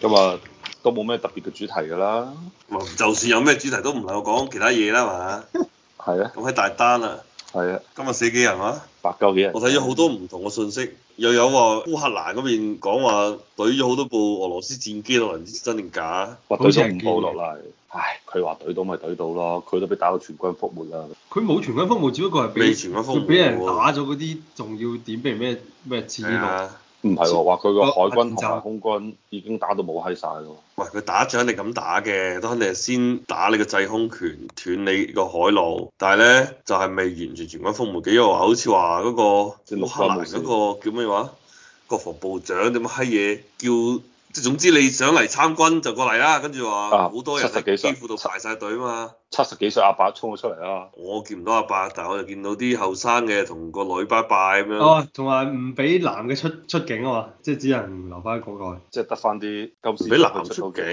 咁啊，都冇咩特別嘅主題㗎啦。就算有咩主題，都唔係我講其他嘢啦嘛。係 是啊。咁喺大單啊，係啊。今日死幾人啊？白救幾人？我睇咗好多唔同嘅信息，又有話烏克蘭嗰邊講話㨃咗好多部俄羅斯戰機落嚟，唔知真定假？㨃咗五部落嚟。唉，佢話㨃到咪㨃到咯，佢都俾打到全軍覆沒啦。佢冇全軍覆沒，只不過係俾全軍俾人打咗嗰啲重要點，譬如咩咩戰略。啊。唔係喎，話佢個海軍同、啊、空軍已經打到冇閪晒咯。喂，佢打仗你咁打嘅，都肯定係先打你個制空權，斷你個海路。但係咧，就係、是、未完全全軍覆沒嘅，因為話好似話嗰個烏克蘭嗰個叫咩話國防部長點乜閪嘢叫。即係總之你想嚟參軍就過嚟啦、啊，跟住話好多人係幾乎到排曬隊啊嘛。七十幾歲阿伯衝咗出嚟啦。我見唔到阿伯，但係我又見到啲後生嘅同個女拜拜咁樣、啊。哦，同埋唔俾男嘅出出境啊嘛，即係只能留翻喺國外，即係得翻啲舊時俾男嘅出出境。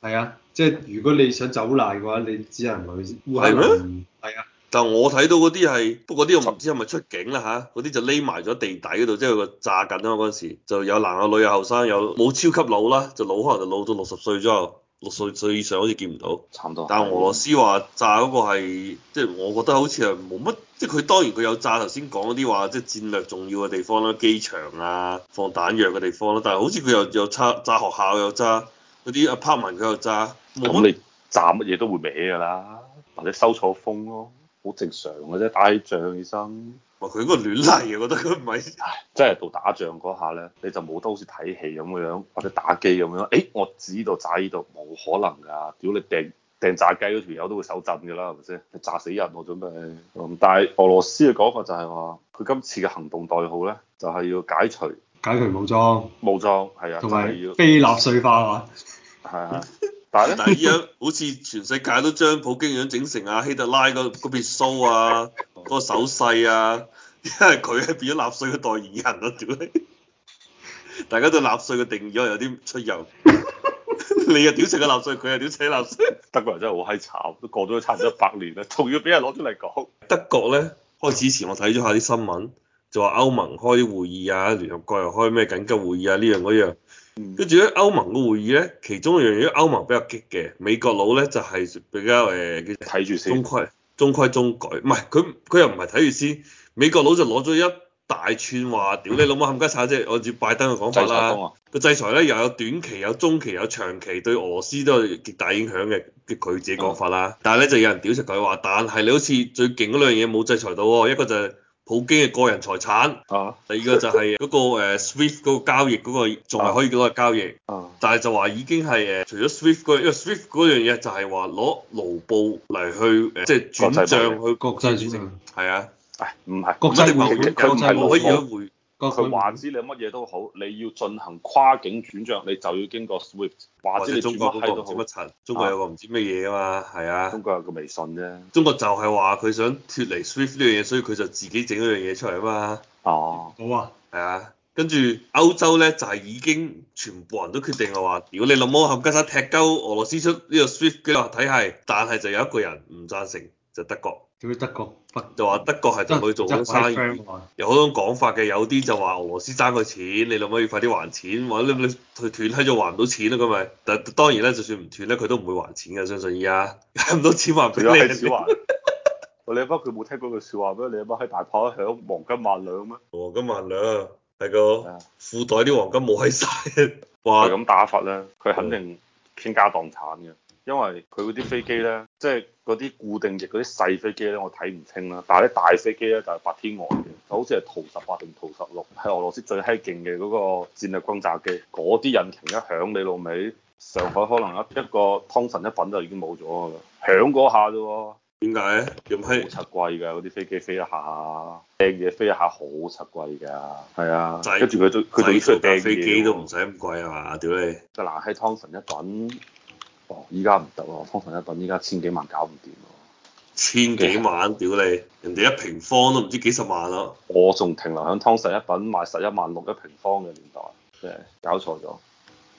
係境啊，即係如果你想走難嘅話，你只能去烏克蘭。係嗎啊。但我睇到嗰啲係，不過啲我唔知係咪出境啦嚇，嗰啲就匿埋咗地底嗰度，即係個炸緊啊嘛嗰陣時，就有男有女有後生有，冇超級老啦，就老可能就老到六十歲左右，六十歲以上好似見唔到。差唔多。但係俄羅斯話炸嗰個係，即係我覺得好似係冇乜，即係佢當然佢有炸頭先講嗰啲話，即係戰略重要嘅地方啦，機場啊，放彈藥嘅地方啦，但係好似佢又有炸，炸學校又炸，嗰啲 apartment 佢又炸。咁你炸乜嘢都會歪㗎啦，或者收錯風咯、啊。好正常嘅啫，打起仗起身。佢嗰個亂嚟啊！我覺得佢唔係。真係、即係、到打仗嗰下呢，你就冇得好似睇戲咁嘅樣，或者打機咁樣。誒、哎，我指到度炸依度，冇可能㗎！屌你掟掟炸雞嗰條友都會手震㗎啦，係咪先？炸死人我準備。但係俄羅斯嘅講法就係、係、話，佢今次嘅行動代號呢，就係、係、要解除解除武裝。武裝係啊，同埋有要非納粹化 啊。係係。但係依樣 好似全世界都將普京咁樣整成阿希特拉嗰嗰撇須啊，嗰、嗰個手勢啊，因為佢係變咗納粹嘅代言人咯，屌 大家對納粹嘅定義又有啲出入， 你又屌食個納粹，佢又屌扯納粹， 德國人真係好閪慘，都過咗差唔多百年啦，仲要俾人攞出嚟講。德國呢，開始前我睇咗下啲新聞，就話歐盟開啲會議啊，聯合國又開咩緊急會議啊，呢樣嗰樣。跟住咧，嗯、歐盟嘅會議咧，其中一樣嘢歐盟比較激嘅，美國佬咧就係、是、比較誒叫睇住先，中規中規中矩，唔係佢佢又唔係睇住先，美國佬就攞咗一大串話，屌、嗯、你老母冚家鏟即係！按照拜登嘅講法啦、啊，個制裁咧、啊、又有短期有中期有長期對俄羅斯都有極大影響嘅，佢自己講法啦、啊。嗯、但係咧就有人屌食佢話，但係你好似最勁嗰兩樣嘢冇制裁到喎，一個就係。普京嘅個人財產，啊、第二個就係嗰個 SWIFT 嗰個交易嗰個仲係可以攞嚟交易，啊、但係就話已經係誒除咗 SWIFT 嗰，因為 SWIFT 嗰樣嘢就係話攞盧布嚟去誒即係轉賬去國際轉賬，係啊，唔係、啊、國際匯率、國際冇錯。佢話知你有乜嘢都好，你要進行跨境轉賬，你就要經過 Swift。或者你中國係都做乜柒？啊、中國有個唔知乜嘢啊嘛，係啊。中國有個微信啫。中國就係話佢想脫離 Swift 呢樣嘢，所以佢就自己整一樣嘢出嚟啊嘛。哦。好啊。係啊，跟住歐洲咧就係、是、已經全部人都決定話，如果你諗摩冚家鏟踢鳩俄羅斯出呢個 Swift 嘅個體系，但係就有一個人唔贊成，就是、德國。去德國，就話德國係同佢做好生意，有好多種講法嘅。有啲就話俄羅斯爭佢錢，你可唔可以快啲還錢？或者你佢斷閪咗還唔到錢啦咁咪？但係當然咧，就算唔斷咧，佢都唔會還錢嘅。相信而家咁多錢還俾你嘅少還 過。你不媽佢冇聽過句說話咩？你阿媽喺大炮一響黃金萬兩咩？黃金萬兩係個褲袋啲黃金冇喺晒，就係咁打法啦。佢肯定傾家蕩產嘅。因為佢嗰啲飛機咧，即係嗰啲固定翼嗰啲細飛機咧，我睇唔清啦。但係啲大飛機咧就係白天鵝嘅，就好似係圖十八定圖十六，係俄羅斯最閪勁嘅嗰個戰略轟炸機，嗰啲引擎一響你老尾，上海可能一個湯臣一個湯臣一品就已經冇咗啦。響嗰下啫喎，點解咁閪？好七貴㗎，嗰啲飛機飛一下，掟嘢飛一下好七貴㗎。係啊，跟住佢最佢出衰掟飛機都唔使咁貴啊嘛？屌、啊、你，個嗱、啊，係湯臣一品。哦，依家唔得咯，湯臣一品依家千幾萬搞唔掂咯。千幾萬，屌你的！人哋一平方都唔知幾十萬啦。我仲停留喺湯臣一品賣十一萬六一平方嘅年代。真係搞錯咗。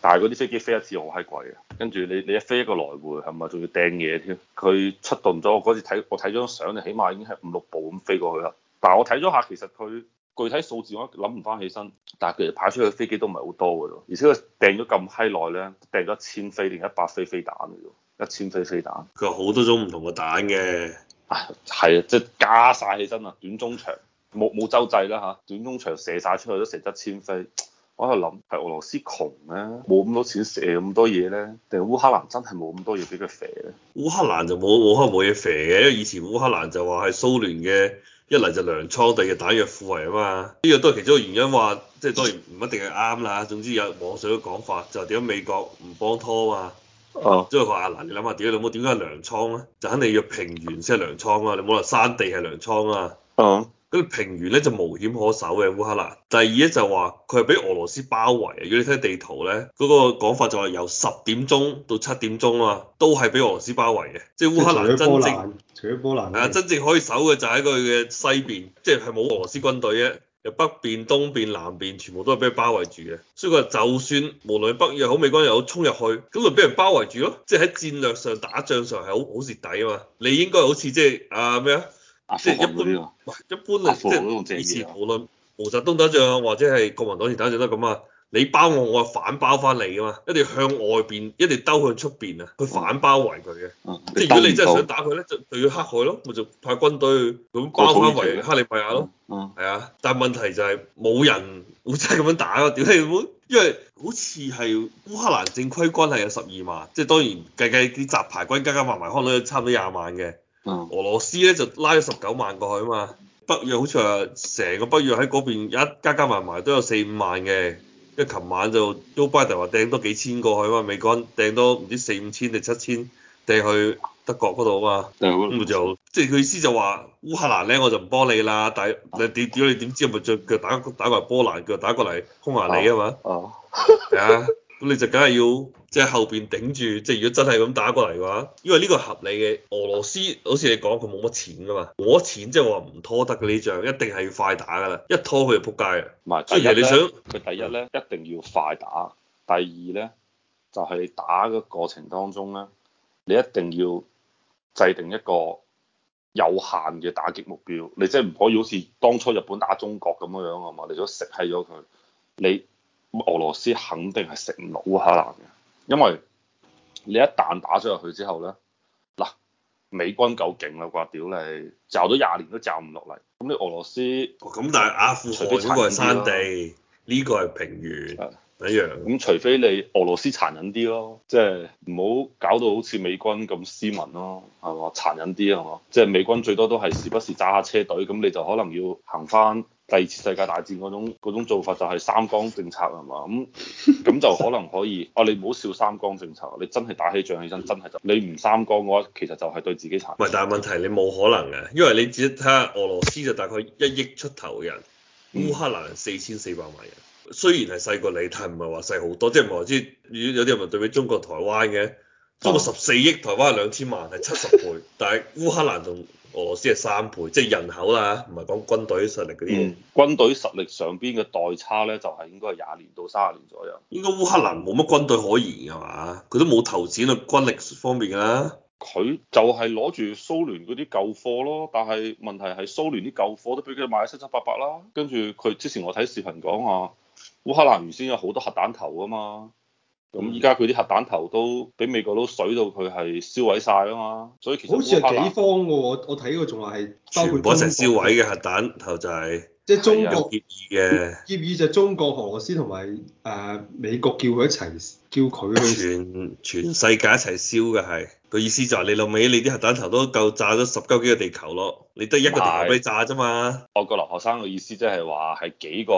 但係嗰啲飛機飛一次好閪貴嘅，跟住你你一飛一個來回係咪仲要掟嘢添？佢出動咗，我嗰次睇我睇張相，你起碼已經係五六步咁飛過去啦。但係我睇咗下，其實佢。具體數字我諗唔翻起身，但係佢哋派出去飛機都唔係好多嘅，而且佢掟咗咁閪耐呢，掟咗一千飛定一百飛飛彈嚟啫，一千飛飛彈。佢有好多種唔同嘅彈嘅，係啊，即係加晒起身啊，短中長冇冇洲際啦嚇，短中長射晒出去都射一千飛。我喺度諗係俄羅斯窮咧，冇咁多錢射咁多嘢呢？定烏克蘭真係冇咁多嘢俾佢肥呢？烏克蘭就冇冇冇嘢肥嘅，因為以前烏克蘭就話係蘇聯嘅。一嚟就糧倉地嘅打藥庫嚟啊嘛，呢個都係其中一個原因話，即係當然唔一定係啱啦嚇。總之有網上嘅講法就係點解美國唔幫拖啊嘛，即係佢話嗱，你諗下點解冇點解係糧倉咧？就肯定要平原先係糧倉啊，你冇話山地係糧倉啊。Uh. 跟平原咧就無險可守嘅烏克蘭。第二咧就話佢係俾俄羅斯包圍。如果你睇地圖咧，嗰個講法就係由十點鐘到七點鐘啊都係俾俄羅斯包圍嘅。即係烏克蘭真正除咗波蘭，啊，真正可以守嘅就喺佢嘅西邊，即係冇俄羅斯軍隊嘅。由北邊、東邊、南邊全部都係俾佢包圍住嘅。所以佢就算無論北約好美軍又好衝入去，咁咪俾人包圍住咯。即係喺戰略上打仗上係好好蝕底啊嘛。你應該好似即係啊咩啊？呃即係一般、這個，唔係一般啊、這個！即係以前無論毛澤東打仗或者係國民黨時打仗都咁啊！你包我，我反包翻你噶嘛一要！一定要向外邊，一定兜向出邊啊！佢反包圍佢嘅，嗯、即係如果你真係想打佢咧，就就要黑海咯，咪就派軍隊咁包翻圍，克里米亞咯，係、嗯嗯、啊！但係問題就係冇人會真係咁樣打咯，屌你冇，因為好似係烏克蘭正規軍係有十二萬，即係當然計計啲雜牌軍加加埋埋，可能差唔多廿萬嘅。俄羅斯咧就拉咗十九萬過去啊嘛，北約好似話成個北約喺嗰邊一加加埋埋都有四五萬嘅，跟住琴晚就都拜登就話掟多幾千過去嘛，美軍掟多唔知四五千定七千掟去德國嗰度啊嘛，咁、嗯、就、嗯、即係佢意思就話烏克蘭咧我就唔幫你啦，但係點點你點知咪再打打埋波蘭，又打過嚟轟下你啊嘛。哦。係啊。啊 咁你就梗係要即係後邊頂住，即係如果真係咁打過嚟嘅話，因為呢個合理嘅。俄羅斯好似你講，佢冇乜錢㗎嘛，冇乜錢即係話唔拖得嘅呢仗，一定係要快打㗎啦，一拖佢就撲街啦。唔係，所以你想佢第一咧一定要快打，第二咧就係你打嘅過程當中咧，你一定要制定一個有限嘅打擊目標，你即係唔可以好似當初日本打中國咁樣樣係嘛，你想食咗佢，你。俄羅斯肯定係食唔落烏克蘭嘅，因為你一旦打咗入去之後咧，嗱，美軍夠勁啦，掛屌你，嚼咗廿年都嚼唔落嚟。咁你俄羅斯，咁、哦、但係阿富汗呢個係山地，呢、這個係平原的一樣。咁除非你俄羅斯殘忍啲咯，即係唔好搞到好似美軍咁斯文咯，係嘛？殘忍啲係嘛？即係、就是、美軍最多都係時不時揸下車隊，咁你就可能要行翻。第二次世界大戰嗰種，種做法就係三光政策係嘛？咁，咁就可能可以 啊你唔好笑三光政策，你真係打起仗起身真係就你唔三光嘅話，其實就係對自己殘。唔係，但係問題你冇可能嘅，因為你只睇下俄羅斯就大概一億出頭嘅人，烏克蘭四千四百萬人，雖然係細過你，但唔係話細好多，即係唔係話即係有啲人話對比中國台灣嘅。中國十四億，台灣係兩千萬，係七十倍。 但係烏克蘭同俄羅斯係三倍，即係人口啦，唔係講軍隊實力嗰啲嘢。嗯，軍隊實力上邊嘅代差呢，就係、是、應該係廿年到三十年左右。應該烏克蘭冇乜軍隊可言嘅嘛，佢都冇投錢啊，軍力方面嘅、啊。佢就係攞住蘇聯嗰啲舊貨咯，但係問題係蘇聯啲舊貨都俾佢賣七七八八啦。跟住佢之前我睇視頻講啊，烏克蘭原先有好多核彈頭啊嘛。咁依家佢啲核彈頭都俾美國都水到佢係燒毀晒啊嘛，所以其實好似係幾方喎。啊、我睇過仲話係全部一齊燒毀嘅核彈頭仔、就係，即係中國協、啊、議嘅協議就中國、俄羅斯同埋誒美國叫佢一齊叫佢去全全世界一齊燒嘅係個意思就係你老味，你啲核彈頭都夠炸咗十九幾個地球咯，你得一個地球俾炸啫嘛。是我個留學生個意思即係話係幾個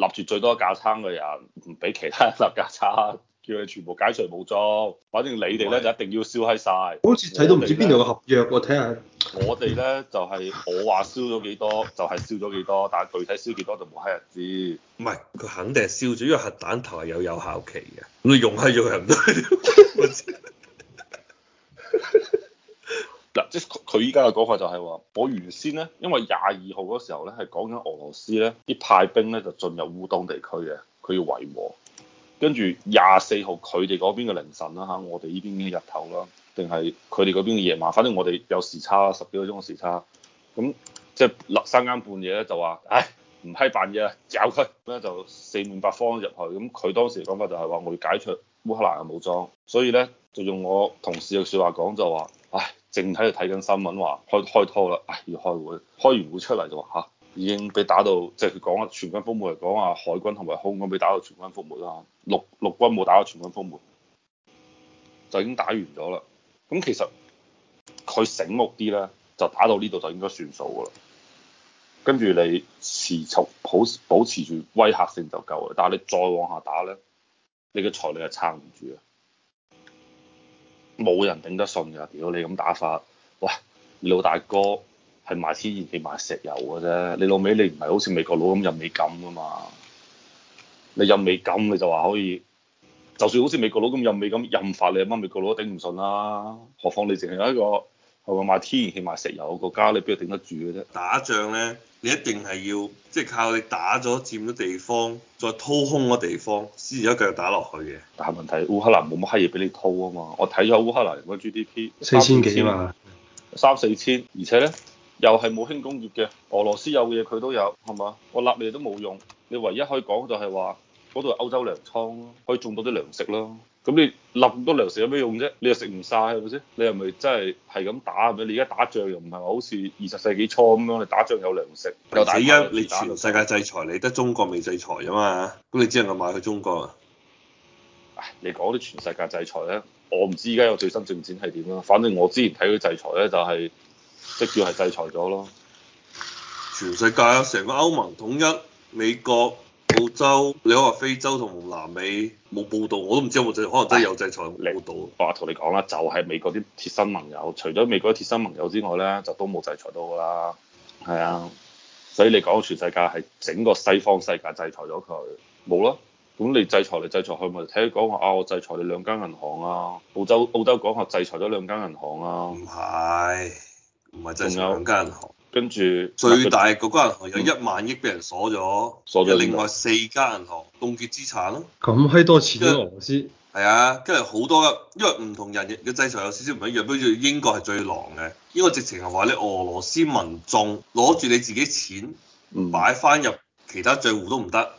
立住最多架撐嘅人唔俾其他立架撐。叫佢全部解除武裝，反正你哋咧是就一定要燒閪晒。我好似睇到唔知邊度嘅合約、啊，看看我睇下。我哋咧就係我話燒咗幾多，就係、是、燒咗幾多，就是多，但具體燒幾多就冇閪人知。唔係，佢肯定係燒咗，因、這、為、個、核彈頭係有有效期嘅，咁用係用唔到。嗱，即係佢依家嘅講法就係話，我原先咧，因為廿二號嗰時候咧係講緊俄羅斯咧啲派兵咧就進入烏東地區嘅，佢要維和。跟住廿四號佢哋嗰邊嘅凌晨啦嚇，我哋呢邊嘅日頭啦，定係佢哋嗰邊嘅夜晚，反正我哋有時差，十幾個鐘嘅時，時差，咁即係立三更半夜咧就話，唉唔批辦嘢啦，搞佢咁咧就四面八方入去，咁佢當時嘅講法就係話，我要解除烏克蘭嘅武裝，所以咧就用我同事嘅説話講就話，唉淨係睇緊新聞話開開拖啦，唉要開會，開完會出嚟就嚇。已經被打到，即係佢講全軍覆沒嚟講啊，海軍同埋空軍被打到全軍覆沒啦，陸陸軍冇打到全軍覆沒，就已經打完咗啦。咁其實佢醒目啲咧，就打到呢度就應該算數噶啦。跟住你持續保保持住威嚇性就夠啦，但係你再往下打咧，你嘅財力係撐唔住啊！冇人頂得順㗎，如果你咁打法，喂你老大哥！係賣天然氣賣石油嘅啫。你老味，你唔係好似美國佬咁任美金㗎嘛？你任美金你就話可以，就算好似美國佬咁任美金任法你，你阿媽美國佬都頂唔順啦。何況你淨係一個係咪賣天然氣賣石油嘅國家，你邊度頂得住嘅啫？打仗咧，你一定係要即係、就是、靠你打咗佔咗地方，再掏空個地方，先至一腳打落去嘅。但係問題烏克蘭冇乜黑嘢俾你掏啊嘛。我睇咗烏克蘭個 G D P 四千幾嘛，三四千，而且咧。又係冇輕工業嘅，俄羅斯有嘅嘢佢都有，係嘛？我立你都冇用，你唯一可以講就係話，嗰度係歐洲糧倉咯，可以種到啲糧食咯。咁你立咁多糧食有咩用啫？你又食唔晒，係咪先？你又咪真係係咁打？唔係你而家打仗又唔係話好似二十世紀初咁樣，你打仗有糧食？又第一。你全世界制裁你，得中國未制裁啊嘛？咁你只能夠賣去中國啊？你講啲全世界制裁咧，我唔知而家有最新進展係點啦。反正我之前睇佢制裁咧，就係、是。即叫係制裁咗咯，全世界啊，成個歐盟統一，美國、澳洲，你好話非洲同南美冇報道，我都唔知有冇制裁，可能都有制裁冇、啊、報道。我話同你講啦，就係、是、美國啲貼身盟友，除咗美國啲貼身盟友之外咧，就都冇制裁到噶啦。係啊，所以你講全世界係整個西方世界制裁咗佢，冇咯。咁你制裁嚟制裁去，咪、就是、聽佢講話啊？我制裁你兩間銀行啊，澳洲澳洲講話制裁咗兩間銀行啊。唔係。唔係，制裁兩間銀行，跟住最大嗰間銀行有一萬億俾人鎖咗，嗯、有另外四間銀行凍結資產咯、啊。咁閪多錢啊，就俄羅斯？係啊，跟住好多，因為唔同人嘅制裁有少少唔一樣。跟住英國係最狼嘅，英國直情係話你俄羅斯民眾攞住你自己錢擺翻、嗯、入其他帳戶都唔得，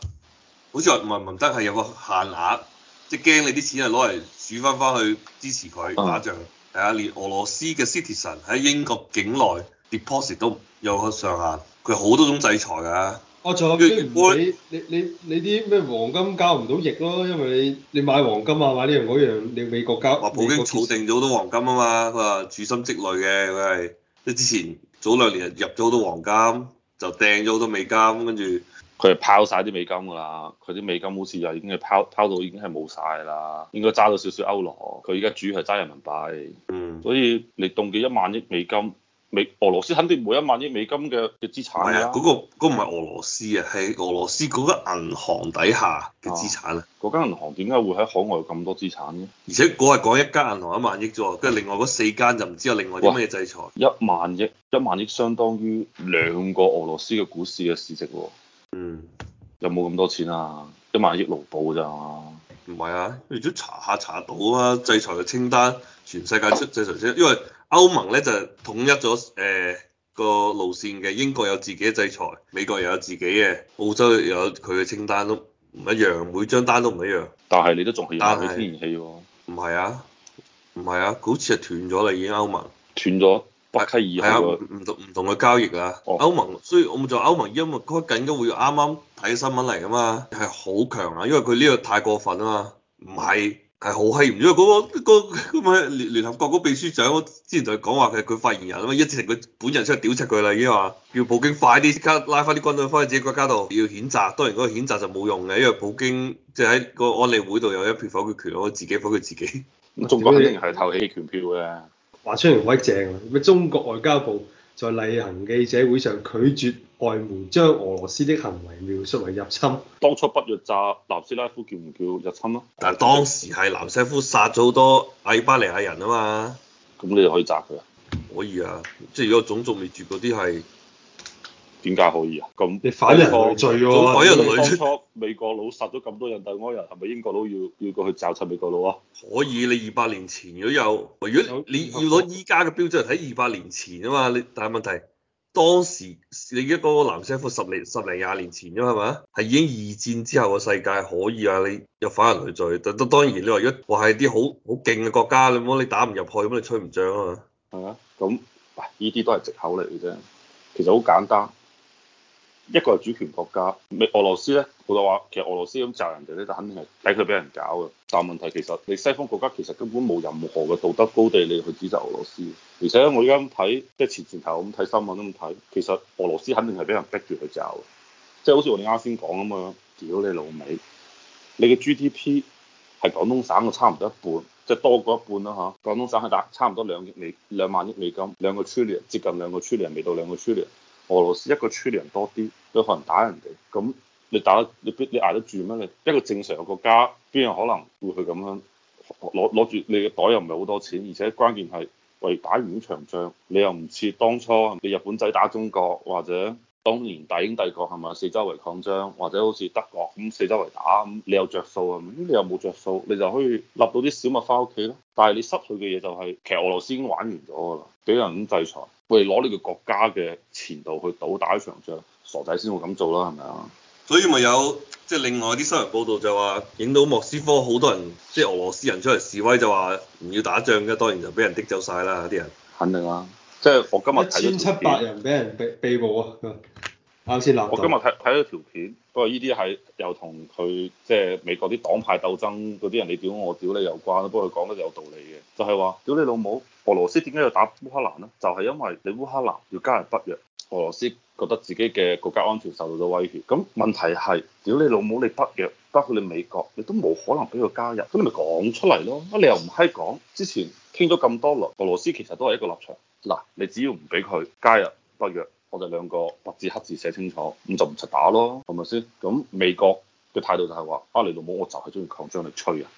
好似話唔係唔得係有個限額，即係驚你啲錢啊攞嚟儲翻翻去支持佢打仗。啊，連俄羅斯嘅 Citizen 喺英國境內 deposit 都有個上限，佢好多種制裁㗎。哦，你你你你啲咩黃金交唔到譯咯，因為你你買黃金啊買呢樣嗰樣，你美國交。話普京儲定咗好多黃金啊嘛，佢話處心積慮嘅佢係，即之前早兩年入咗好多黃金，就掟咗好多美金，跟住。佢係拋晒啲美金㗎啦，佢啲美金好似又已經係拋拋到已經係冇晒㗎啦，應該揸到少少歐羅。佢而家主要係揸人民幣，嗯，所以你凍結一萬億美金，美俄羅斯肯定冇一萬億美金嘅嘅資產啦、啊。嗰、啊那個唔係、那個、俄羅斯啊，係俄羅斯嗰間銀行底下嘅資產啊。嗰間、啊、銀行點解會喺海外咁多資產咧、啊？而且嗰係講一間銀行一萬億啫喎，跟另外嗰四間就唔知有另外啲咩制裁、啊一。一萬億，一萬億相當於兩個俄羅斯嘅股市嘅市值喎、啊。嗯，有冇咁多錢啊？一萬億盧布咋？唔係啊，你都查下查到啊，制裁嘅清單，全世界出制裁清單，因為歐盟咧就係、統一咗誒、呃、個路線嘅，英國有自己嘅制裁，美國又有自己嘅，澳洲又有佢嘅清單都唔一樣，每張單都唔一樣。但係你都仲起翻佢天然氣喎？唔係啊，唔係啊，好似係斷咗啦已經斷，歐盟斷咗。斷係啊，唔同唔同嘅交易啊。歐盟，雖然我冇做歐盟，因為嗰陣都會啱啱睇新聞嚟㗎嘛，係好強啊，因為佢呢個太過分啊嘛。唔係係好閪唔，因為嗰個那個咩聯合國嗰秘書長，之前就佢講話嘅，佢發言人啊嘛，一直佢本人出去屌柒佢啦，已經話要普京快啲拉拉翻啲軍隊翻去自己國家度要譴責。當然嗰個譴責就冇用嘅，因為普京即係喺個安理會度有一票否決權，我自己否決自己。總之，一定係投棄權票嘅。話出嚟好鬼正啊！中國外交部在例行記者會上拒絕外媒將俄羅斯的行為描述為入侵。當初北約炸南斯拉夫叫唔叫入侵啊？但當時係南斯夫殺咗好多阿爾巴尼亞人啊嘛，咁你就可以炸佢啦。可以啊，即係如果種族滅絕嗰啲係。點解可以啊？咁反人類罪喎，啊！當初美國佬殺咗咁多人，印第安人，係咪英國佬要要過去找尋美國佬啊？可以，你二百年前如果有，如果你要攞依家嘅標準嚟睇二百年前啊嘛，你但係問題當時你一個南非，十零十零廿年前啫，係咪啊？係已經二戰之後嘅世界，可以啊，你又反人類罪，但都當然你話如果話係啲好好勁嘅國家，你好你打唔入去，咁你吹唔漲啊嘛？係啊，咁喂、啊，依啲都係藉口嚟嘅啫，其實好簡單。一個係主權國家，未俄羅斯咧，佢就話其實俄羅斯咁炸人哋咧，就肯定係抵佢俾人搞嘅。但問題其實你西方國家其實根本冇任何嘅道德高地你去指責俄羅斯，而且我而家咁睇，即係前前頭咁睇新聞咁睇，其實俄羅斯肯定係俾人逼住去炸，即係好似我哋啱先講咁樣，屌你老味，你嘅 GDP 係廣東省嘅差唔多一半，即係多過一半啦嚇，廣東省係大差唔多兩億美兩萬億美金兩個 trillion 接近兩個 trillion 未到兩個 trillion。俄羅斯一個村裏人多啲，都可能打人哋。咁你打，你你挨得住咩？你一個正常嘅國家，邊有可能會去咁樣攞攞住你嘅袋又唔係好多錢，而且關鍵係，喂，打完呢場仗，你又唔似當初你日本仔打中國或者。當年大英帝國係咪四周圍擴張，或者好似德國咁四周圍打咁，你有着數啊？咁你有冇着數？你就可以立到啲小麥翻屋企咯。但係你失去嘅嘢就係、是，其實俄羅斯已經玩完咗㗎啦，俾人咁制裁，為攞呢個國家嘅前途去倒打一場仗，傻仔先會咁做啦，係咪啊？所以咪有即係、就是、另外啲新聞報道就話，影到莫斯科好多人即係、就是、俄羅斯人出嚟示威就話唔要打仗嘅，當然就俾人逼走曬啦啲人。肯定啦、啊。即係我今日睇咗千七百人俾人被，被捕啊！啱先嗱。我今日睇睇咗條片，不過呢啲係又同佢即係美國啲黨派鬥爭嗰啲人，你屌我屌你有關。不過佢講得有道理嘅，就係話屌你老母，俄羅斯點解要打烏克蘭呢？就係、是、因為你烏克蘭要加入北約，俄羅斯覺得自己嘅國家安全受到咗威脅。咁問題係屌你老母，你北約包括你美國，你都冇可能俾佢加入，咁你咪講出嚟咯。啊，你又唔係講，之前傾咗咁多輪，俄羅斯其實都係一個立場。嗱，你只要唔俾佢加入北約，我哋兩個白字黑字寫清楚，咁就唔使打咯，係咪先？咁美國嘅態度就係話，你老母我就係中意擴張力吹啊，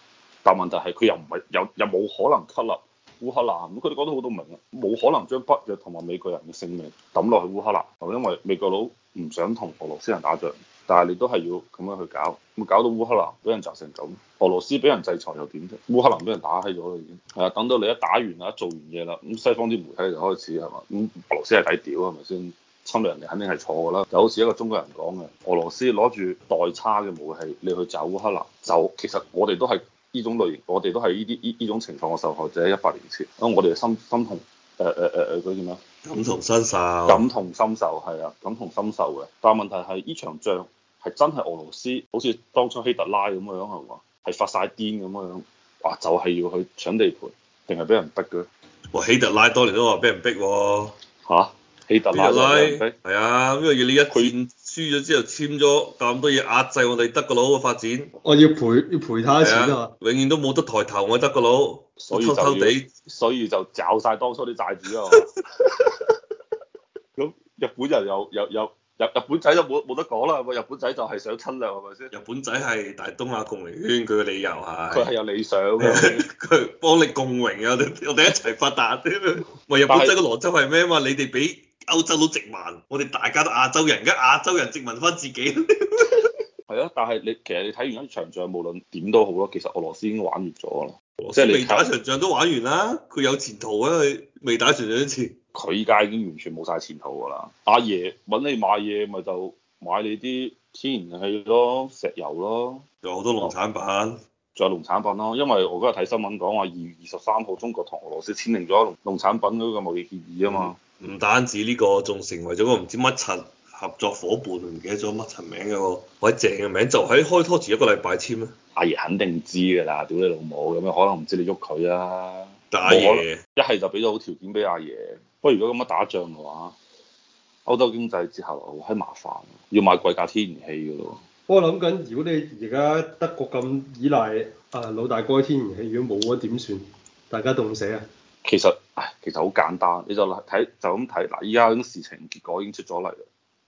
但問題係佢又唔係又又冇可能孤立烏克蘭，佢哋講得好多明啊，冇可能將北約同埋美國人嘅性命抌落去烏克蘭，就因為美國佬唔想同俄羅斯人打仗。但係你都係要咁樣去搞，咁搞到烏克蘭俾人砸成咁，俄羅斯俾人制裁又點啫？烏克蘭俾人打閪咗啦已經，係啊，等到你一打完啦，一做完嘢啦，咁西方啲媒體就開始係嘛？咁、嗯、俄羅斯係抵屌係咪先？侵略人哋肯定係錯㗎啦，就好似一個中國人講嘅，俄羅斯攞住代差嘅武器你去走烏克蘭走，其實我哋都係呢種類型，我哋都係呢啲呢呢種情況嘅受害者一百年前，啊我哋心心痛誒誒誒誒，講、呃、完、呃呃呃呃.感同身受，感同身受係啊，感同身受嘅。但係問題係呢場仗係真係俄羅斯，好似當初希特拉咁嘅樣，係嘛？係發晒癲咁嘅樣，哇！就係、是、要去搶地盤，定係俾人逼嘅哇！希特拉當年都話俾人逼喎，吓？希特拉係啊，因為如果你一戰輸咗之後簽咗咁多嘢，壓制我哋德國佬嘅發展，我要賠要賠他錢啊！啊永遠都冇得抬頭我得，我哋德國佬，所以就偷偷地，所以就找晒當初啲債主啊！ 日本人又又又日日本仔就冇冇得講啦，日本仔就係想侵略係咪先？日本仔係大東亞共榮圈佢個理由係，佢係有理想啊嘛，佢 幫你共榮啊， 我哋一齊發達。唔係 日本仔個邏輯係咩啊？嘛， 你哋俾歐洲都殖民，我哋大家都亞洲人，而家亞洲人殖民翻自己。係 啊，但係你其實你睇完一場仗，無論點都好咯，其實俄羅斯斯已經玩完咗啦。即係未打場仗都玩完啦，佢有前途啊，佢未打場仗之前，佢依家已經完全冇晒前途㗎啦。阿爺搵你買嘢咪就買你啲天然氣咯、石油咯，仲有好多農產品，仲、哦、有農產品咯。因為我嗰日睇新聞講話，二月二十三號中國同俄羅斯簽訂咗農農產品嗰個貿易協議啊嘛。唔、嗯、單止呢、呢個，仲成為咗個唔知乜陳合作伙伴，唔記得咗乜陳名嘅個好正嘅名，就喺開拖遲一個禮拜簽咧。阿爺肯定知㗎啦，屌你老母咁樣，可能唔知你喐佢啊，打野一係就俾咗好條件俾阿爺。不過如果咁樣打仗嘅話，歐洲經濟接下來好閪麻煩，要買貴價天然氣嘅咯。不過我諗緊，如果你而家德國咁依賴啊老大哥天然氣，如果冇咗點算？大家凍死啊！其實，唉，其實好簡單，你就睇就咁睇嗱，依家啲事情結果已經出咗嚟啦。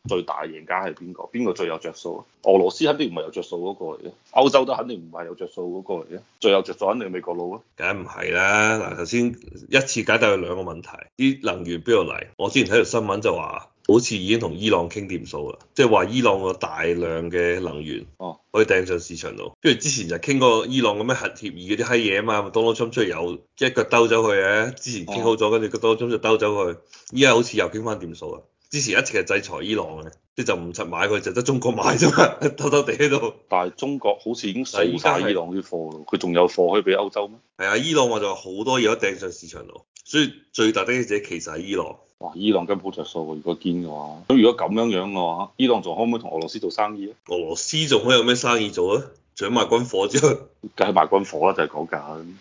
最大贏家係邊個？邊個最有着數啊？俄羅斯肯定唔係有着數嗰個嚟嘅，歐洲都肯定唔係有着數嗰個嚟嘅，最有着數肯定係美國佬啊，梗唔係啦，嗱頭先一次解答佢兩個問題，啲能源邊度嚟？我之前睇條新聞就話，好似已經同伊朗傾掂數啦，即係話伊朗有大量嘅能源哦，可以掟上市場度。跟住之前就傾過伊朗咁樣核協議嗰啲閪嘢啊嘛，當勞侵出嚟有一腳兜走佢啊。之前傾好咗，跟住當勞侵就兜走佢，依家好似又傾翻掂數啊！之前一直係制裁伊朗嘅，即就唔出買佢，就得中國買啫嘛，偷偷哋喺度。但係中國好似已經洗晒伊朗啲貨咯，佢仲有貨可以俾歐洲咩？係啊，伊朗我就話好多嘢都掟上市場度，所以最大得益者其實係伊朗。哇！伊朗根本好着數嘅，如果堅嘅話，咁如果咁樣樣嘅話，伊朗仲可唔可以同俄羅斯做生意啊？俄羅斯仲可以有咩生意做啊？除咗軍火之外，梗係賣軍火啦，就係講緊。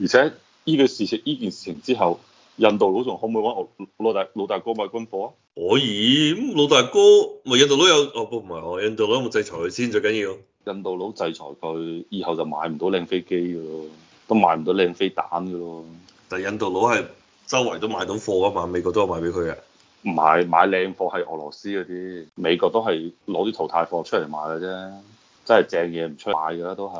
而且呢個事情，呢件事情之後。印度佬仲可唔可以揾老大老大哥買軍火啊？可以咁，老大哥咪印度佬有哦，不唔係哦，印度佬有冇制裁佢先最緊要。印度佬制裁佢，以後就買唔到靚飛機噶咯，都買唔到靚飛彈噶咯。但係印度佬係周圍都買到貨噶嘛，美國都有賣俾佢嘅。唔係買靚貨係俄羅斯嗰啲，美國都係攞啲淘汰貨出嚟賣嘅啫。真係正嘢唔出賣㗎都係，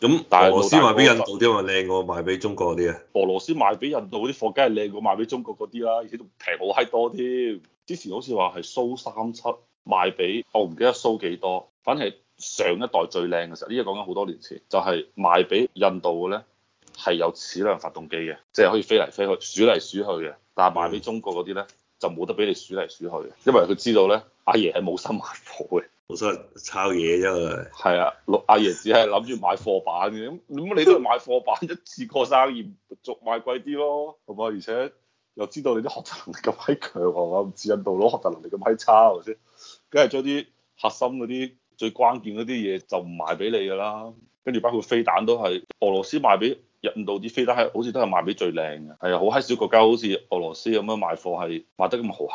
咁、嗯、俄羅斯賣俾印度啲啊靚過賣俾中國啲啊！俄羅斯賣俾印度啲貨，梗係靚過賣俾中國嗰啲啦，而且都平好閪多添。之前好似話係蘇三七賣俾我唔記得蘇幾多，反正係上一代最靚嘅時候。呢個講緊好多年前，就係、是、賣俾印度嘅咧，係有矢量發動機嘅，即、就、係、是、可以飛嚟飛去、鼠嚟鼠去嘅。但係賣俾中國嗰啲咧，嗯、就冇得俾你鼠嚟鼠去嘅，因為佢知道咧，阿爺係冇心買貨嘅。好身抄嘢啫，係啊，陸阿爺只係諗住買貨板嘅，咁你都係買貨板，一次過生意，逐賣貴啲咯，好嘛？而且又知道你啲學習能力咁閪強我唔知印度佬學習能力咁閪差係咪先？梗係將啲核心嗰啲最關鍵嗰啲嘢就唔賣俾你噶啦，跟住包括飛彈都係俄羅斯賣俾印度啲飛彈，係好似都係賣俾最靚嘅，係啊，好閪少國家好似俄羅斯咁樣賣貨係賣得咁好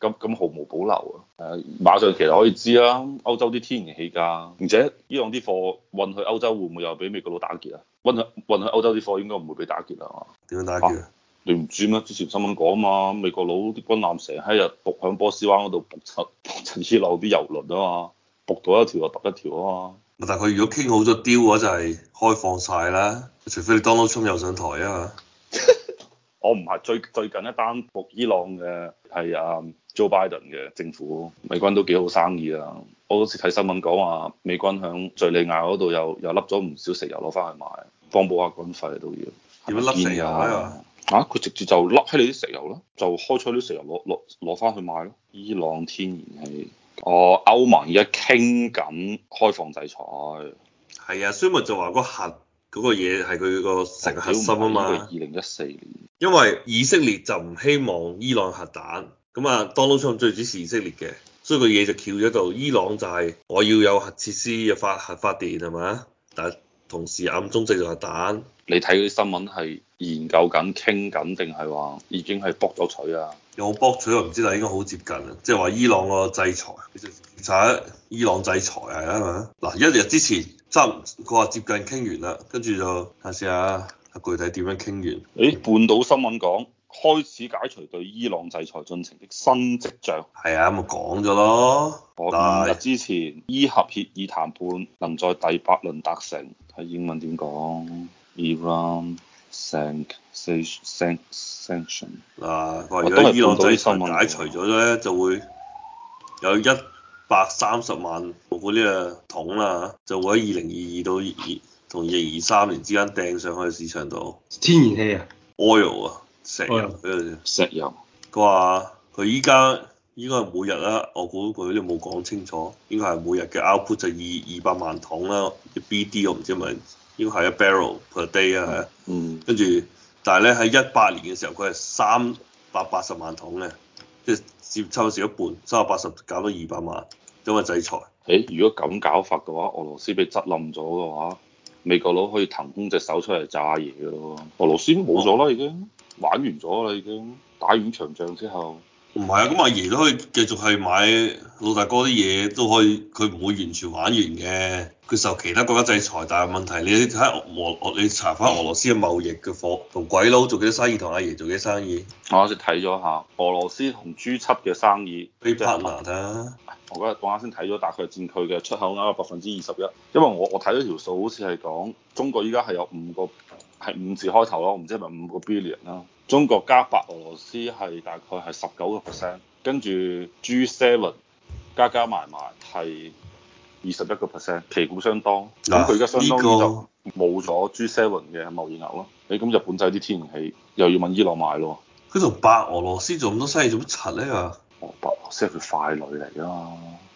咁咁毫無保留啊！誒，馬上其實可以知啊。歐洲啲天然氣價，而且呢樣啲貨運去歐洲會唔會又俾美國佬打劫啊？運去運去歐洲啲貨應該唔會俾打，打劫啊嘛。點樣打劫？你唔知咩？之前新聞講啊嘛，美國佬啲軍艦成日喺日伏響波斯灣嗰度層層次漏啲油輪啊嘛，伏到一條就突一條啊嘛。但係佢如果傾好咗 deal 嘅話，就係開放晒啦。除非你 Donald Trump 又上台啊！我唔係最最近一單服伊朗嘅係阿 Joe Biden 嘅政府，美軍都幾好生意啊！我嗰時睇新聞講話，美軍響敘利亞嗰度又又笠咗唔少石油攞翻去賣，幫補下軍費都要。點樣笠石油啊？佢嗎、啊、直接就笠喺你啲石油咯，就開出啲石油攞攞攞翻去賣咯。伊朗天然氣，哦歐盟而家傾緊開放制裁。係啊，所以咪就話個核。嗰個嘢係佢個成個核心啊嘛，二零一四年。因為以色列就唔希望伊朗核彈，咁啊，Donald Trump 最支持以色列嘅，所以個嘢就翹咗度。伊朗就係我要有核設施，又發核發電係嘛？但同時暗中製造核彈。你睇嗰啲新聞係研究緊傾緊，定係話已經係博咗取啊？有博取我唔知啦，應該好接近啦，即係話伊朗個制裁，查伊朗制裁係啊嘛。嗱，一日之前。就，佢話接近傾完啦，跟住就睇下先啊，具體點樣傾完？誒，半島新聞講開始解除對伊朗制裁進程的新跡象。係啊，咁咪講咗咯。我五日之前伊核協議談判能在第八輪達成。睇英文點講？Iran Sanction 嗱，佢話如果伊朗制裁解除咗咧，就會有一百三十萬，我估呢個桶啦，就會喺二零二二到二同二零二三年之間掟上去市場度。天然氣啊，oil 啊，石油。就是、石油。佢話：佢依家應該係每日啦，我估佢都冇講清楚，應該係每日嘅 output 就二二百萬桶啦，一 BD 我唔知係咪應該係一 barrel per day 啊嚇、嗯。嗯。跟住，但係咧喺一八年嘅時候，佢係三百八十萬桶嘅。即係接抽少一半，三百八十搞到二百萬，因、就、為、是、制裁。誒、欸，如果咁搞法嘅話，俄羅斯被執冧咗嘅話，美國佬可以騰空隻手出嚟炸嘢嘅咯。俄羅斯冇咗啦，哦、已經玩完咗啦，已經打完場仗之後。唔係啊，咁阿爺都可以繼續去買老大哥啲嘢，都可以，佢唔會完全玩完嘅。佢受其他國家制裁，但係問題你睇俄俄，你查翻俄羅斯嘅貿易嘅貨同鬼佬做幾多生意，同阿爺做幾多生意？我先一先睇咗下俄羅斯同 G7 嘅生意，partner 啦。我今日啱先睇咗，大概佔佢嘅出口額百分之二十一。因為我我睇咗條數好，好似係講中國依家係有五個係五字開頭咯，唔知係咪五個 billion 啦。中國加白俄羅斯係大概係十九個 percent，跟住 G seven 加加埋埋係二十一個 percent，旗鼓相當。咁佢而家相當於就冇咗 G seven 嘅貿易額咯。你咁日本製啲天然氣又要問伊朗買咯。佢同白俄羅斯做咁多生意做乜柒咧啊？呢哦，白俄羅斯係個傀儡嚟啊！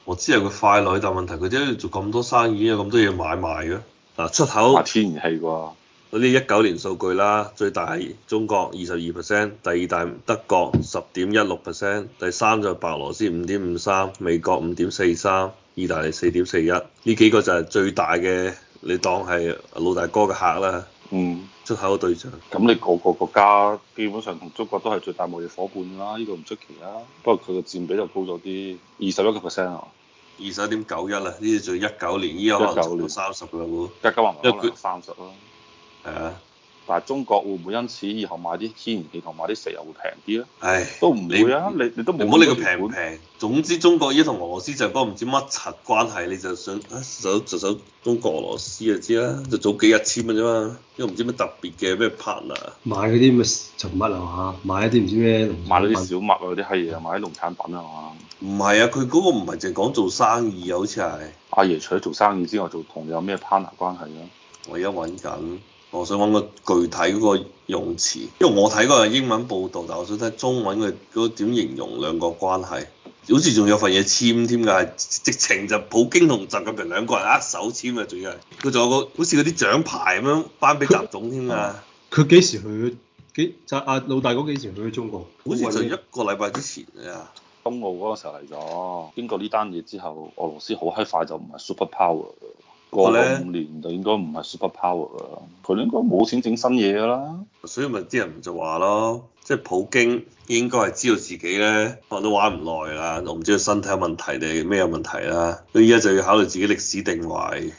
我知係個傀儡，但問題佢點解要做咁多生意，有咁多嘢買賣嘅？嗱，出口天然氣喎、啊。嗰啲一九年數據啦，最大中國二十二 percent，第二大德國十點一六 percent，第三就白羅斯五點五三，美國五點四三，意大利四點四一，呢幾個就係最大嘅，你當係老大哥嘅客啦。嗯。出口嘅對象。咁、嗯、你個個國家基本上同中國都係最大貿易夥伴啦，呢、呢個唔出奇啦，不過佢嘅佔比就高咗啲，二十一個 percent 啊。二十一點九一啦，呢啲就一九年，依家可能做到三十噶啦喎。一九三十咯。係啊，但係中國會唔會因此以後買啲天然氣同買啲石油會平啲咧？唉，都唔理啊！你你，你，你都唔好理佢平唔平。宜總之中國而家同俄羅斯就係幫唔知乜柒關係，嗯、你就想啊，就就走中國俄羅斯就知啦，就早幾日簽嘅啫嘛，因為唔知乜特別嘅咩 partner。買嗰啲咩作物啊嘛、啊？買一啲唔知咩農買嗰啲小麥啊，啲係嘢，買啲農產品啊嘛。唔係啊，佢嗰個唔係淨講做生意啊，好似係。阿、啊、爺除咗做生意之外，仲同你有咩 partner 關係啊？我而家揾緊。我想揾個具體嗰個用詞，因為我睇嗰個英文報道，但我想睇中文嘅嗰點形容兩個關係，好似仲有份嘢簽添㗎，直情就普京同習近平兩個人握手簽啊，仲要係佢仲有個好似嗰啲獎牌咁樣頒俾習總添啊。佢幾時去？幾就阿老大哥幾時去中國？好似就一個禮拜之前啊。東澳嗰時候嚟咗，經過呢單嘢之後，俄羅斯好閪快就唔係 super power。過咗五年就應該唔係 super power 啦，佢應該冇錢整新嘢㗎啦，所以咪啲人就話咯，即係普京應該係知道自己咧，都玩唔耐啦，我唔知佢身體有問題定咩有問題啦。佢依家就要考慮自己歷史定位，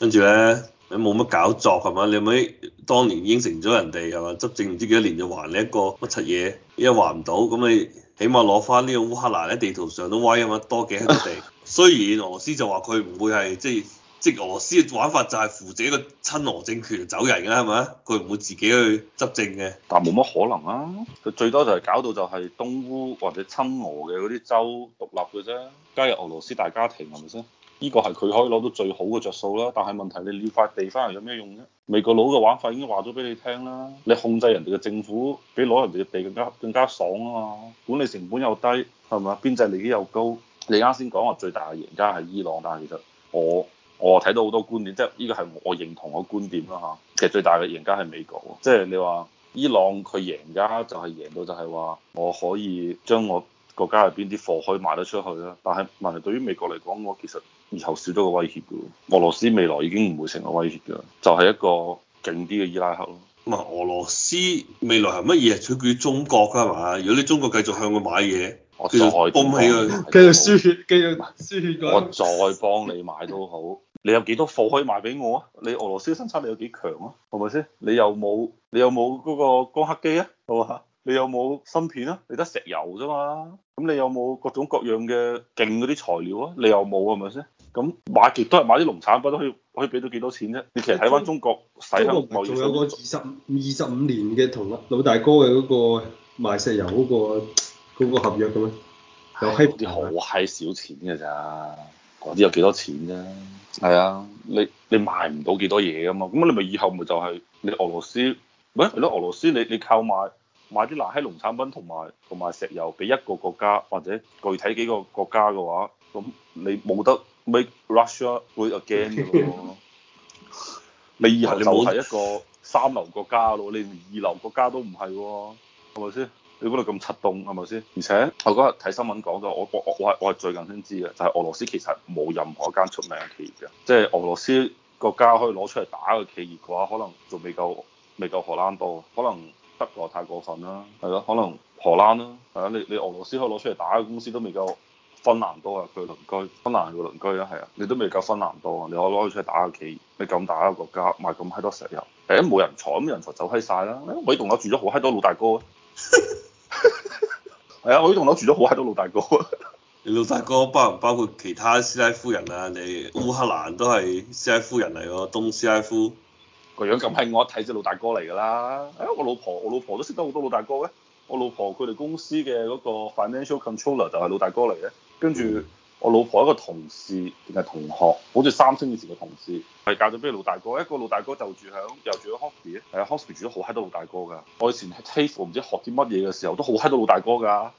跟住咧你冇乜搞作係嘛？你咪當年應承咗人哋係嘛，執政唔知幾多年就還你一個乜柒嘢，依家還唔到，咁你起碼攞翻呢個烏克蘭喺地圖上都威啊嘛，多幾億地。 雖然俄羅斯就話佢唔會係即係，就是即俄羅斯嘅玩法就係扶自己個親俄政權走人啦，係咪啊？佢唔會自己去執政嘅。但冇乜可能啦、啊，佢最多就係搞到就係東烏或者親俄嘅嗰啲州獨立嘅啫，加入俄羅斯大家庭係咪先？呢個係佢可以攞到最好嘅着數啦。但係問題你要塊地翻嚟有咩用啫？美國佬嘅玩法已經話咗俾你聽啦，你控制人哋嘅政府比攞人哋嘅地更加更加爽啊嘛，管理成本又低，係咪啊？邊際利益又高。你啱先講話最大嘅贏家係伊朗，但係其實我。我睇到好多觀點，即係呢個係我認同嘅觀點咯嚇。其實最大嘅贏家係美國，即係你話伊朗佢贏家就係贏到就係話我可以將我國家入邊啲貨可以賣得出去啦。但係問題對於美國嚟講，我其實以後少咗個威脅嘅喎。俄羅斯未來已經唔會成個威脅嘅，就係一個勁啲嘅伊拉克咯。咁啊，俄羅斯未來係乜嘢？取決於中國㗎嘛。如果你中國繼續向佢買嘢，我再幫佢繼續輸血，繼續輸血咗。我再幫你買都好。你有幾多貨可以賣俾我啊？你俄羅斯生產力有幾強啊？係咪先？你又冇你又冇嗰個光刻機啊？係嘛？你有冇芯片啊？你得石油啫嘛、啊？咁你有冇各種各樣嘅勁嗰啲材料啊？你又冇係咪先？咁買極都係買啲農產品都可以可以俾到幾多錢啫、啊？你其實睇翻中國、那個，中國仲有個二十二十五年嘅同老大哥嘅嗰個賣石油嗰、那個那個合約嘅咩、那個？有蝦啲好蝦少錢㗎咋～嗰啲有幾多錢啫？係啊，你你賣唔到幾多嘢㗎嘛？咁你咪以後咪就係、是、你俄羅斯，喂、欸，嚟到俄羅斯你，你你靠賣賣啲難喺農產品同埋同埋石油俾一個國家或者具體幾個國家嘅話，咁你冇得 make Russia great again 㗎喎。 你以後就係一個三流國家咯，你連二流國家都唔係喎，係咪先？你嗰度咁七東係咪先？而且我嗰日睇新聞講到，我我我係我係最近先知嘅，就係、是、俄羅斯其實冇任何一間出名嘅企業嘅，即係俄羅斯國家可以攞出嚟打嘅企業嘅話，可能仲未夠未夠荷蘭多，可能德國太過分啦，係咯，可能荷蘭啦。係啊，你你俄羅斯可以攞出嚟打嘅公司都未夠芬蘭多啊，佢鄰居芬蘭個鄰居啦，係啊，你都未夠芬蘭多啊，你可攞佢出嚟打嘅企業，你咁打嘅國家賣咁閪多石油，誒冇人才，咁人才走閪晒啦，位仲有住咗好閪多老大哥。 係啊，我呢棟樓住咗好閪多老大哥。你老大哥包唔包括其他斯拉夫人啊？你烏克蘭都係斯拉夫人嚟、啊、喎，東斯拉夫個樣咁係，我一睇就老大哥嚟㗎啦。誒、哎，我老婆我老婆都識得好多老大哥嘅，我老婆佢哋公司嘅嗰個 financial controller 就係老大哥嚟嘅，跟住。我老婆一個同事定係同學，好似三星以前嘅同事，係嫁咗俾老大哥。一個老大哥就住喺又住咗 Hornsby，Hornsby 住得好嗨多老大哥㗎。我以前喺 TAFE 唔知學啲乜嘢嘅時候，都好嗨多老大哥㗎、啊。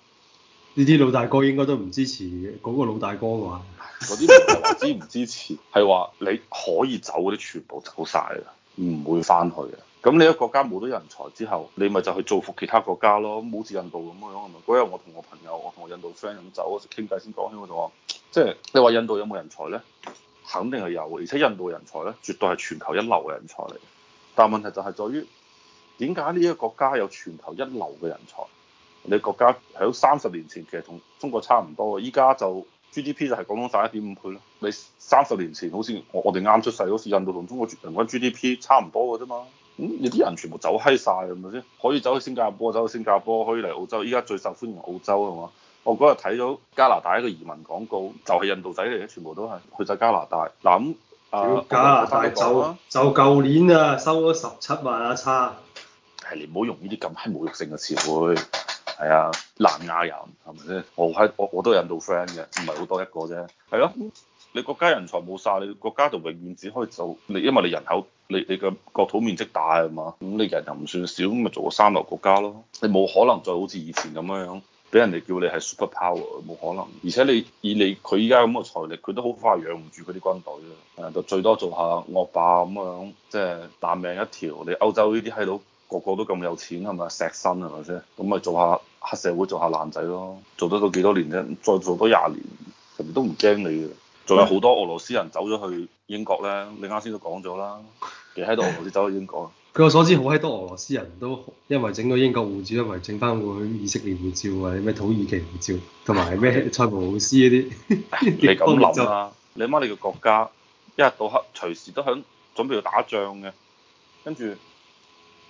呢啲老大哥應該都唔支持嗰、嗰個老大哥㗎嘛？嗰啲唔支唔支持，係話你可以走嗰啲全部走晒啦，唔會翻去啊！咁你一個國家冇咗人才之後，你咪就去造福其他國家咯。好似印度咁樣係咪？嗰日我同我朋友，我同我印度 friend 飲酒，食傾偈先講起我就話，即係你話印度有冇人才呢？肯定係有，而且印度人才呢，絕對係全球一流嘅人才嚟。但係問題就係在於點解呢一個國家有全球一流嘅人才？你、這個、國家喺三十年前其實同中國差唔多，依家就 G D P 就係廣東省一點五倍咯。你三十年前好似我哋啱出世嗰時，印度同中國人均 G D P 差唔多嘅啫嘛。有啲人全部走閪晒，係咪先？可以走去新加坡，走去新加坡，可以嚟澳洲。依家最受歡迎澳洲係嘛？我嗰日睇咗加拿大一個移民廣告，就係印度仔嚟嘅，全部都係去曬加拿大。嗱咁啊，加拿大就就舊年啊收咗十七萬啊差。係你唔好用呢啲咁閪侮辱性嘅詞彙。係啊，南亞人係咪先？我喺我我都有印度 friend 嘅，唔係好多一個啫。係咯、啊。你國家人才冇晒，你國家就永遠只可以做你，因為你人口你你嘅國土面積大啊嘛，咁你人又唔算少，咁咪做個三流國家咯。你冇可能再好似以前咁樣樣，俾人哋叫你係 super power，冇可能。而且你以你佢依家咁嘅財力，佢都好快養唔住佢啲軍隊啊。就最多做下惡霸咁樣，即係爛命一條。你歐洲呢啲喺度個個都咁有錢係咪？錫身係咪先？咁咪做下黑社會，做下爛仔咯。做得到幾多年啫？再做多廿年，人哋都唔驚你嘅。仲有好多俄羅斯人走咗去英國咧，你啱先都講咗啦，其實喺度俄羅斯走去英國。據我 所知，好閪多俄羅斯人都因為整到英國護照，因為整翻個以色列護照，或者咩土耳其護照，同埋咩塞浦路斯嗰啲、 哎。你咁諗啊？ 你諗你個國家一日到黑隨時都響準備要打仗嘅，跟住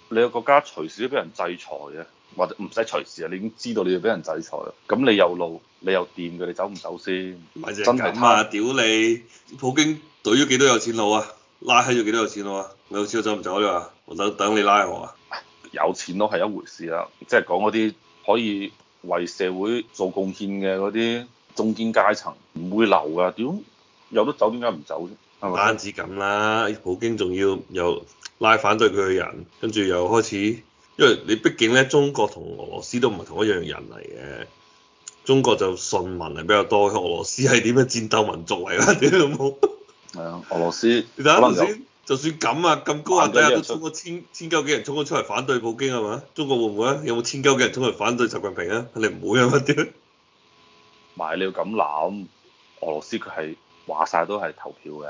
你個國家隨時都俾人制裁嘅。或者唔使隨時啊，你已經知道你要俾人制裁啦。咁你有路，你又掂嘅，你走唔走先？真係太屌你！普京對咗幾多有錢佬啊？拉起咗幾多有錢佬啊？你好似走唔走你、啊、話？我等，等你拉我啊！有錢佬係一回事啦，即係講嗰啲可以為社會做貢獻嘅嗰啲中堅階層，唔會留噶。屌有得走，點解唔走啫？唔單止咁啦，普京仲要又拉反對佢嘅人，跟住又開始。因為你畢竟咧，中國同俄羅斯都唔係同一樣人嚟嘅。中國就信民係比較多，俄羅斯係點樣戰鬥民族嚟嘅，老母。係啊， 俄羅斯。你睇下頭先，就算咁啊，咁高壓底下都衝咗千千九幾人衝咗出嚟反對普京係、啊、嘛？中國會唔會啊？有冇千九幾人衝嚟反對習近平啊？你唔會有嘛啲。唔 係你要咁諗，俄羅斯佢係話晒都係投票嘅，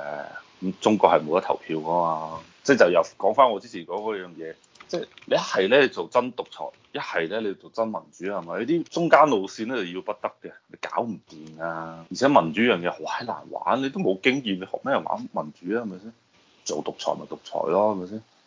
咁中國係冇得投票㗎嘛。即係就又講翻我之前講嗰樣嘢。即係你一係咧，你做真獨裁；一係咧，你做真民主係咪？呢啲中間路線咧，就要不得嘅，你搞唔掂啊！而且民主樣嘢好閪難玩，你都冇經驗，你學咩人玩民主啊？係咪先？做獨裁咪獨裁咯，係咪先？